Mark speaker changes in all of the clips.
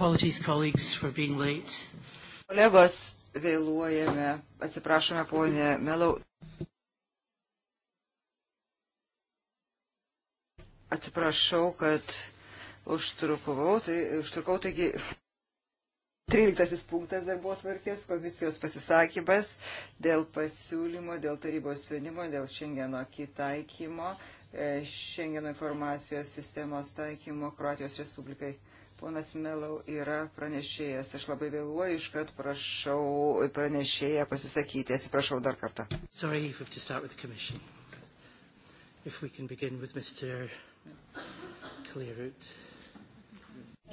Speaker 1: Apologies, colleagues, for being late.
Speaker 2: Kolegos, vėluojame. Atsiprašome, ponė Melau. Atsiprašau, kad užtrukau, tai, užtrukau taigi 13 punktas darbo tvarkės, komisijos pasisakymas dėl pasiūlymo, dėl tarybos sprendimo, dėl šiandieno kitaikymo, e, šiandieno informacijos sistemos taikymo Kroatijos Respublikai. Ponas Melau yra pranešėjas. Aš labai vėluoju, iškart prašau pranešėją pasisakyti. Atsiprašau dar kartą. Sorry,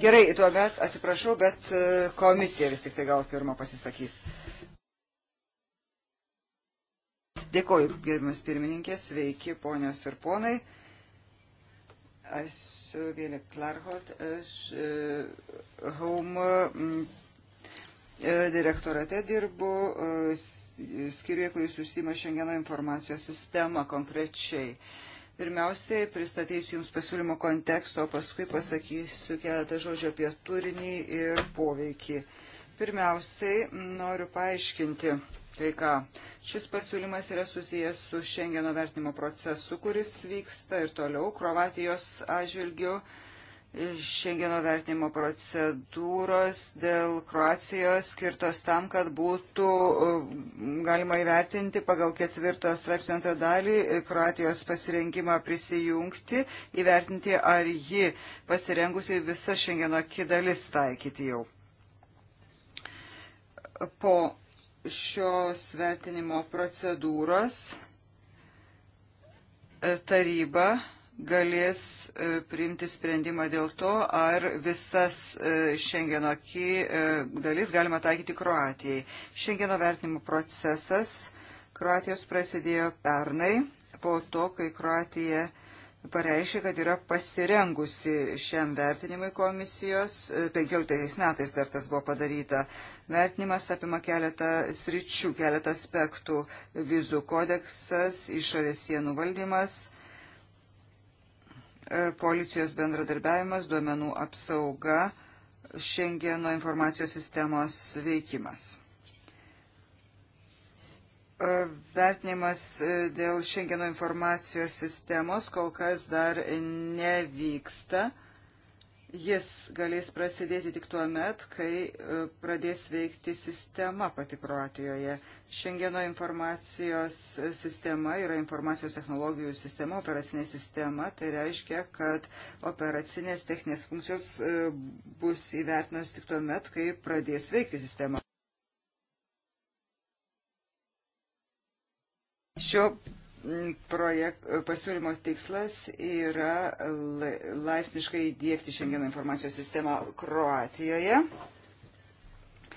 Speaker 2: Gerai, tuomet atsiprašau, bet e, komisija vis tik tai gal pirmą pasisakys. Dėkoju, gerbimas pirmininkės, sveiki, ponios ir ponai. Aš esu Vėlė Klarhot, aš e, Home mm, e, direktorate dirbu e, skirioje, kuris užsima šiandieno informacijos sistemą konkrečiai. Pirmiausiai pristatysiu Jums pasiūlymo kontekstą, o paskui pasakysiu keletą žodžių apie turinį ir poveikį. Pirmiausiai noriu paaiškinti Kai ką, šis pasiūlymas yra susijęs su Šengeno vertinimo procesu, kuris vyksta ir toliau Kroatijos atžvilgiu. Šengeno vertinimo procedūros dėl Kroacijos skirtos tam, kad būtų uh, galima įvertinti pagal ketvirto straipsnio antrą dalį uh, Kroatijos pasirengimą prisijungti, įvertinti, ar ji pasirengusi visas Šengeno kidalis taikyti jau. Po šios vertinimo procedūros e, taryba galės e, priimti sprendimą dėl to, ar visas Šengeno e, dalis galima taikyti Kroatijai. Šengeno vertinimo procesas Kroatijos prasidėjo pernai, po to, kai Kroatija pareiškė, kad yra pasirengusi šiam vertinimui komisijos. 15 e, metais dar tas buvo padaryta. Vertinimas apima keletą sričių, keletą aspektų - vizų kodeksas, išorės sienų valdymas, e, policijos bendradarbiavimas, duomenų apsauga, Šengeno informacijos sistemos veikimas. E, vertinimas e, dėl Schengeno informacijos sistemos kol kas dar nevyksta. Jis galės prasidėti tik tuo met, kai e, pradės veikti sistema pati Kroatijoje. Šengeno informacijos sistema yra informacijos technologijų sistema, operacinė sistema. Tai reiškia, kad operacinės techninės funkcijos bus įvertinos tik tuo met, kai pradės veikti sistema. Šio mm, projekt, pasiūlymo tikslas yra laipsniškai įdėkti šiandieną informacijos sistemą Kroatijoje. E,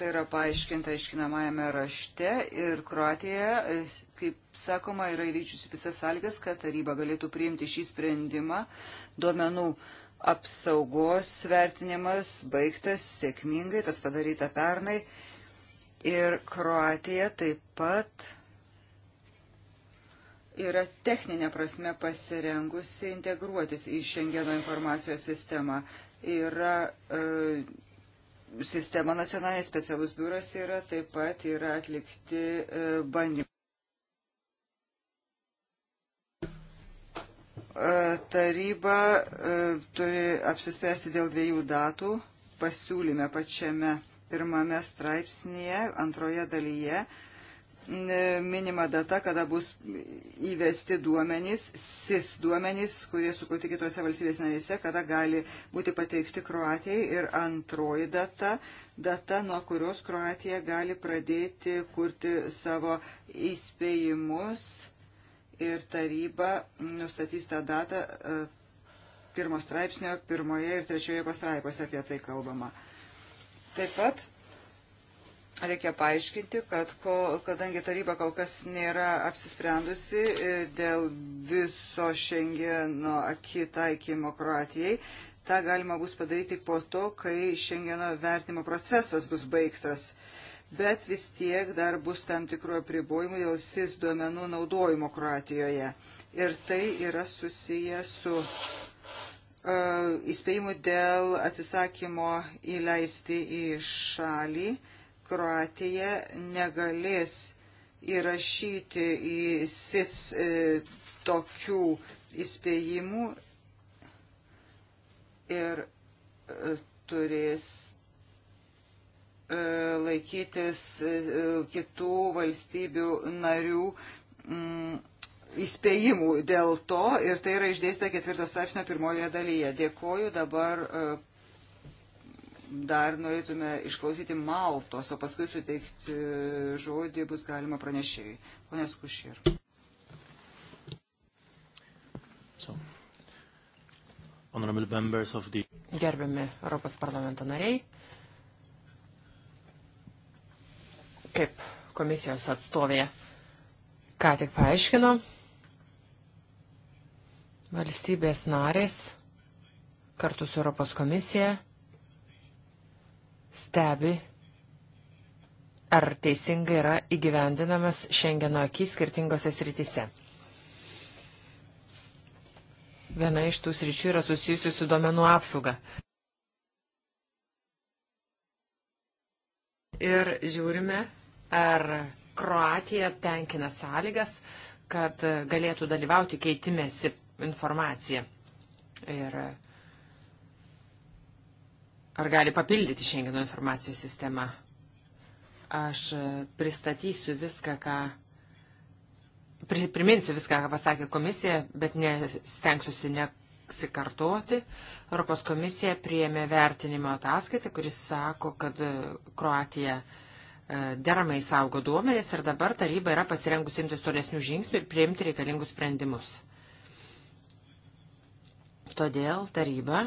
Speaker 2: tai yra paaiškinta aiškinamajame rašte ir Kroatija, e, kaip sakoma, yra įvykdžiusi visas sąlygas, kad taryba galėtų priimti šį sprendimą. Duomenų apsaugos vertinimas baigtas sėkmingai, tas padaryta pernai. Ir Kroatija taip pat yra techninė prasme pasirengusi integruotis į Šengeno informacijos sistemą. Yra e, sistema nacionalinė specialus biuras yra, taip pat yra atlikti e, bandymai. E, taryba e, turi apsispręsti dėl dviejų datų pasiūlyme pačiame pirmame straipsnėje, antroje dalyje E, minima data, kada bus įvesti duomenys, SIS duomenys, kurie sukurti kitose valstybės narėse, kada gali būti pateikti Kroatijai. Ir antroji data, data, nuo kurios Kroatija gali pradėti kurti savo įspėjimus. Ir taryba nustatys tą datą e, pirmo straipsnio, pirmoje ir trečioje pastraipose apie tai kalbama. Taip pat Reikia paaiškinti, kad ko, kadangi taryba kol kas nėra apsisprendusi e, dėl viso Šengeno aki taikymo Kroatijai, tą galima bus padaryti po to, kai Šengeno vertimo procesas bus baigtas. Bet vis tiek dar bus tam tikruo pribojimu dėl SIS duomenų naudojimo Kroatijoje. Ir tai yra susiję su uh, įspėjimu dėl atsisakymo įleisti į šalį uh, Kroatija negalės įrašyti į SIS e, tokių įspėjimų ir e, turės e, laikytis e, e kitų valstybių narių mm, įspėjimų dėl to ir tai yra išdėstę ketvirtos straipsnio pirmojoje dalyje. Dėkoju dabar. E, dar norėtume išklausyti Maltos, o paskui suteikti žodį bus galima pranešėjai. Pone Skušir.
Speaker 3: So. The... Gerbiami Europos parlamento nariai, kaip komisijos atstovė ką tik paaiškino, valstybės narės kartu su Europos komisija stebi, ar teisingai yra įgyvendinamas Šengeno akis skirtingose srityse. Viena iš tų sričių yra susijusi su domenų apsauga. Ir žiūrime, ar Kroatija tenkina sąlygas, kad galėtų dalyvauti keitimėsi informacija. Ir ar gali papildyti Šengeno informacijos sistemą. Aš e, pristatysiu viską, ką. Priminsiu viską, ką pasakė komisija, bet nestengsiuosi nesikartoti. Europos komisija priėmė vertinimo ataskaitą, kuris sako, kad e, Kroatija e, deramai saugo duomenis ir dabar taryba yra pasirengusi imtis tolesnių žingsnių ir priimti reikalingus sprendimus. Todėl taryba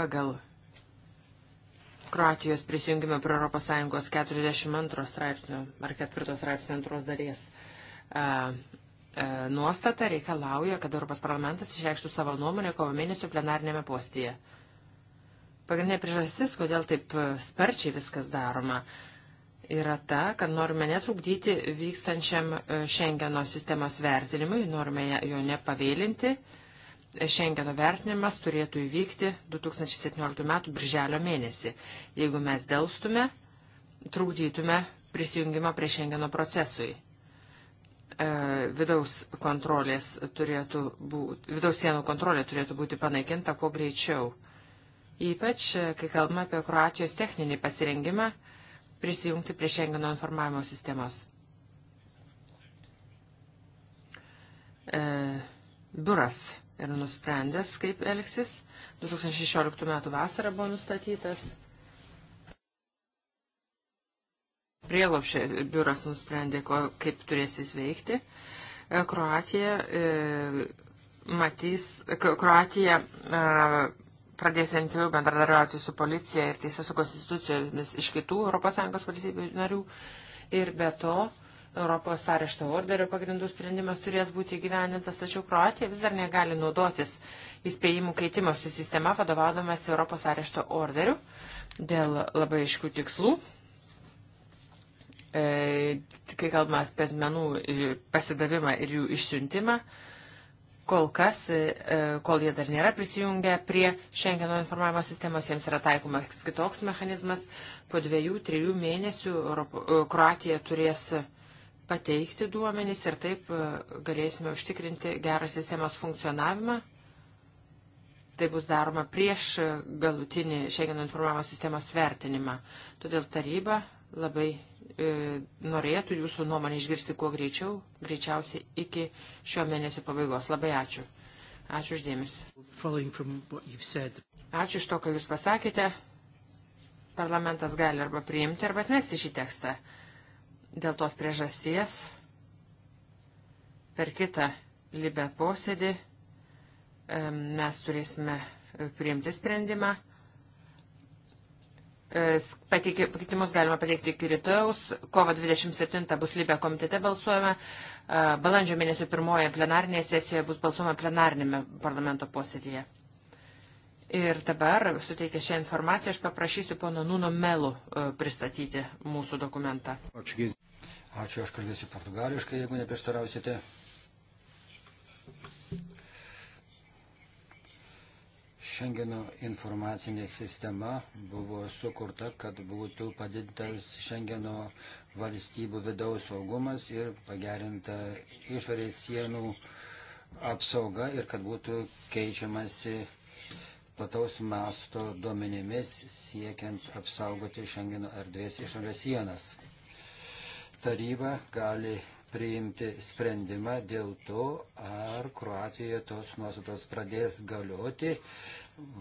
Speaker 3: pagal Kroatijos prisijungime prie ES 42 straipsnių ar 4 straipsnių antros dalies e, e, nuostata reikalauja, kad Europos parlamentas išreikštų savo nuomonę kovo mėnesio plenarnėme postyje. Pagrindinė priežastis, kodėl taip sparčiai viskas daroma, yra ta, kad norime netrukdyti vykstančiam Šengeno e, sistemos vertinimui, norime jo nepavėlinti Šengeno vertinimas turėtų įvykti 2017 m. birželio mėnesį. Jeigu mes dėlstume, trukdytume prisijungimą prie Šengeno procesui. E, vidaus, bū, vidaus sienų kontrolė turėtų būti panaikinta kuo greičiau. Ypač, e, kai kalbame apie Kroatijos techninį pasirengimą prisijungti prie Šengeno informavimo sistemos. E, biuras ir nusprendęs, kaip elgsis. 2016 m. vasarą buvo nustatytas. Prielopšė biuras nusprendė, ko, kaip turės jis veikti. E, Kroatija, e, matys, Kroatija e, pradės intensyviau bendradarbiauti su policija ir teisės saugos institucijomis iš kitų ES valstybių narių. Ir be to, e, Europos arešto orderio pagrindų sprendimas turės būti gyvenintas, tačiau Kroatija vis dar negali naudotis įspėjimų keitimosi sistema vadovaudamas Europos arešto orderiu dėl labai aiškių tikslų. E, kai kalbame apie asmenų e, pasidavimą ir jų išsiuntimą, kol kas, e, e, kol jie dar nėra prisijungę prie Schengeno informavimo sistemos, jiems yra taikomas kitoks mechanizmas. Po dviejų, trijų mėnesių Europo, Kroatija turės pateikti duomenys ir taip e, galėsime užtikrinti gerą sistemos funkcionavimą. Tai bus daroma prieš galutinį šiandien informavimo sistemos vertinimą. Todėl taryba labai e, norėtų jūsų nuomonę išgirsti kuo greičiau, greičiausiai iki šio mėnesio pabaigos. Labai ačiū. Ačiū uždėmesi. Ačiū iš to, ką jūs pasakėte. Parlamentas gali arba priimti, arba atmesti šį tekstą. Dėl tos priežasties per kitą libę posėdį mes turėsime e, priimti sprendimą. E, pakeitimus galima pateikti iki rytojaus. Kovo 27 bus Libė komitete balsuojama. E, balandžio mėnesio pirmoje plenarinėje sesijoje bus balsuojama plenarinėme parlamento posėdėje. Ir dabar suteikę šią informaciją, aš paprašysiu pono Nuno Melu e, pristatyti mūsų dokumentą. Ačiū,
Speaker 1: Ačiū aš kalbėsiu portugališkai, jeigu
Speaker 3: neprieštarausite.
Speaker 1: Šengeno informacinė sistema buvo sukurta, kad būtų padidintas Šengeno valstybių vidaus saugumas ir pagerinta išorės sienų apsauga ir kad būtų keičiamasi plataus masto duomenimis siekiant apsaugoti Šengeno erdvės išorės sienas. Taryba gali priimti sprendimą dėl to, ar Kroatijoje tos nuostatos pradės galioti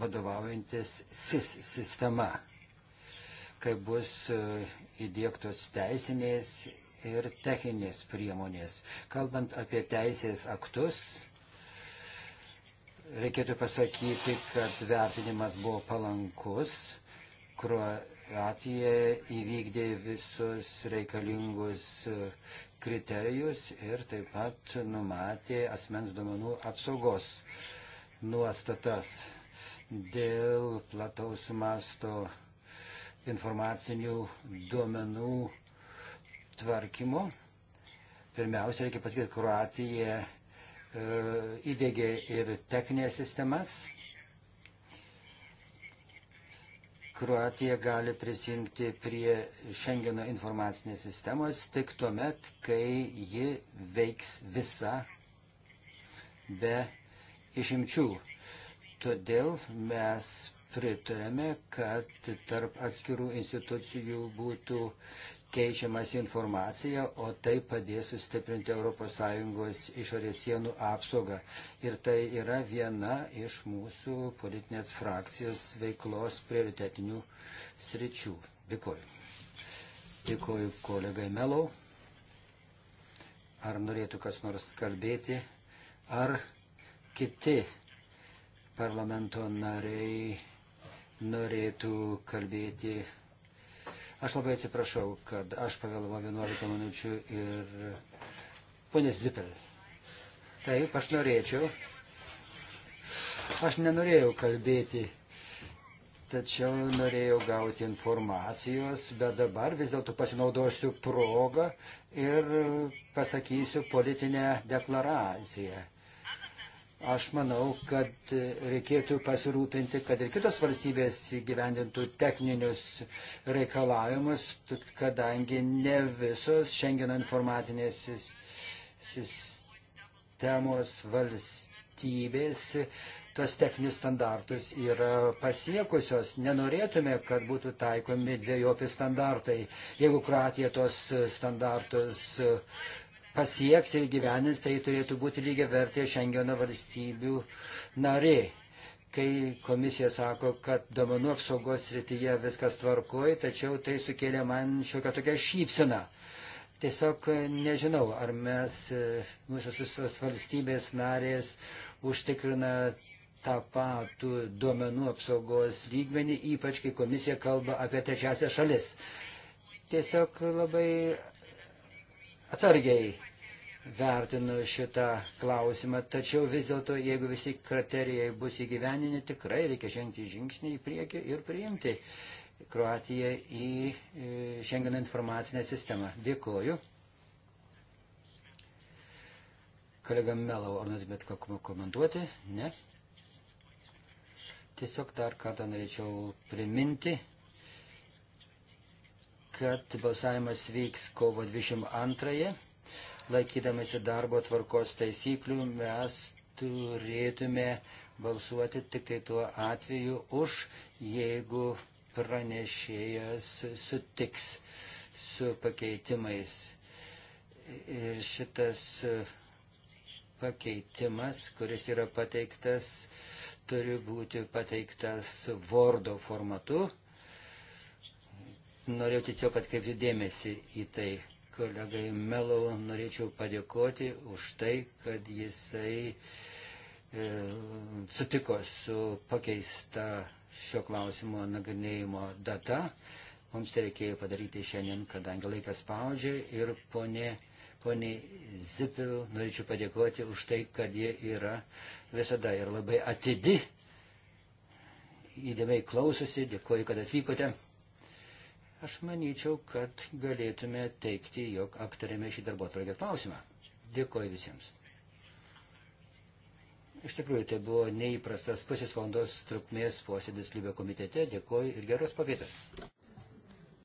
Speaker 1: vadovaujantis SIS sistema, kai bus e, įdėktos teisinės ir techninės priemonės. Kalbant apie teisės aktus, reikėtų pasakyti, kad vertinimas buvo palankus. Kroatija įvykdė visus reikalingus kriterijus ir taip pat numatė asmens duomenų apsaugos nuostatas dėl plataus masto informacinių duomenų tvarkymo. Pirmiausia, reikia pasakyti, Kroatija E, įdėgė ir techninės sistemas. Kroatija gali prisijungti prie Šengeno informacinės sistemos tik tuomet, kai ji veiks visa be išimčių. Todėl mes pritarėme, kad tarp atskirų institucijų būtų keičiamas informacija, o tai padės sustiprinti ES išorės sienų apsaugą. Ir tai yra viena iš mūsų politinės frakcijos veiklos prioritetinių sričių. Dėkuoju. Dėkuoju kolegai Melau. Ar norėtų kas nors kalbėti? Ar kiti parlamento nariai norėtų kalbėti? Aš labai atsiprašau, kad aš pavėlavau 11 minučių ir ponės Zipel. Taip, aš norėčiau. Aš nenorėjau kalbėti, tačiau norėjau gauti informacijos, bet dabar vis dėlto pasinaudosiu progą ir pasakysiu politinę deklaraciją. Aš manau, kad reikėtų pasirūpinti, kad ir kitos valstybės gyvendintų techninius reikalavimus, kadangi ne visos Schengeno informacinės sistemos valstybės tos techninius standartus yra pasiekusios. Nenorėtume, kad būtų taikomi dviejopi standartai. Jeigu Kroatija tos standartus uh, pasieks ir gyvenins, tai turėtų būti lygia vertė Šengeno valstybių narė. Kai komisija sako, kad domenų apsaugos srityje viskas tvarkoj, tačiau tai sukėlė man šiokią tokią šypsiną. Tiesiog e, nežinau, ar mes, e, mūsų visos valstybės narės, užtikrina tą patų duomenų apsaugos lygmenį, ypač kai komisija kalba apie trečiasią šalis. Tiesiog labai atsargiai vertinu šitą klausimą, tačiau vis dėlto, jeigu visi kriterijai bus įgyveninti, tikrai reikia žengti žingsnį į priekį ir priimti Kroatiją į Šengeno informacinę sistemą. Dėkuoju. Kolega Melau, ar norėtumėt ką komentuoti? Ne? Tiesiog dar kartą norėčiau priminti, kad balsavimas vyks kovo 22. -ąją laikydamasi darbo tvarkos taisyklių, mes turėtume balsuoti tik tai tuo atveju už, jeigu pranešėjas sutiks su pakeitimais. Ir šitas pakeitimas, kuris yra pateiktas, turi būti pateiktas Vordo formatu. Norėjau tiesiog atkreipti dėmesį į tai kolegai Melau norėčiau padėkoti už tai, kad jisai e, sutiko su pakeista šio klausimo nagrinėjimo data. Mums tai reikėjo padaryti šiandien, kadangi laikas spaudžia ir ponė. Pone Zipil, norėčiau padėkoti už tai, kad jie yra visada ir labai atidi, įdėmiai klausosi, dėkoju, kad atvykote. Aš manyčiau, kad galėtume teikti, jog aptarėme šį darbo atvarkę klausimą. Dėkoju visiems. Iš tikrųjų, tai buvo neįprastas pusės valandos trukmės posėdis Lybio komitete. Dėkoju ir geros popietės.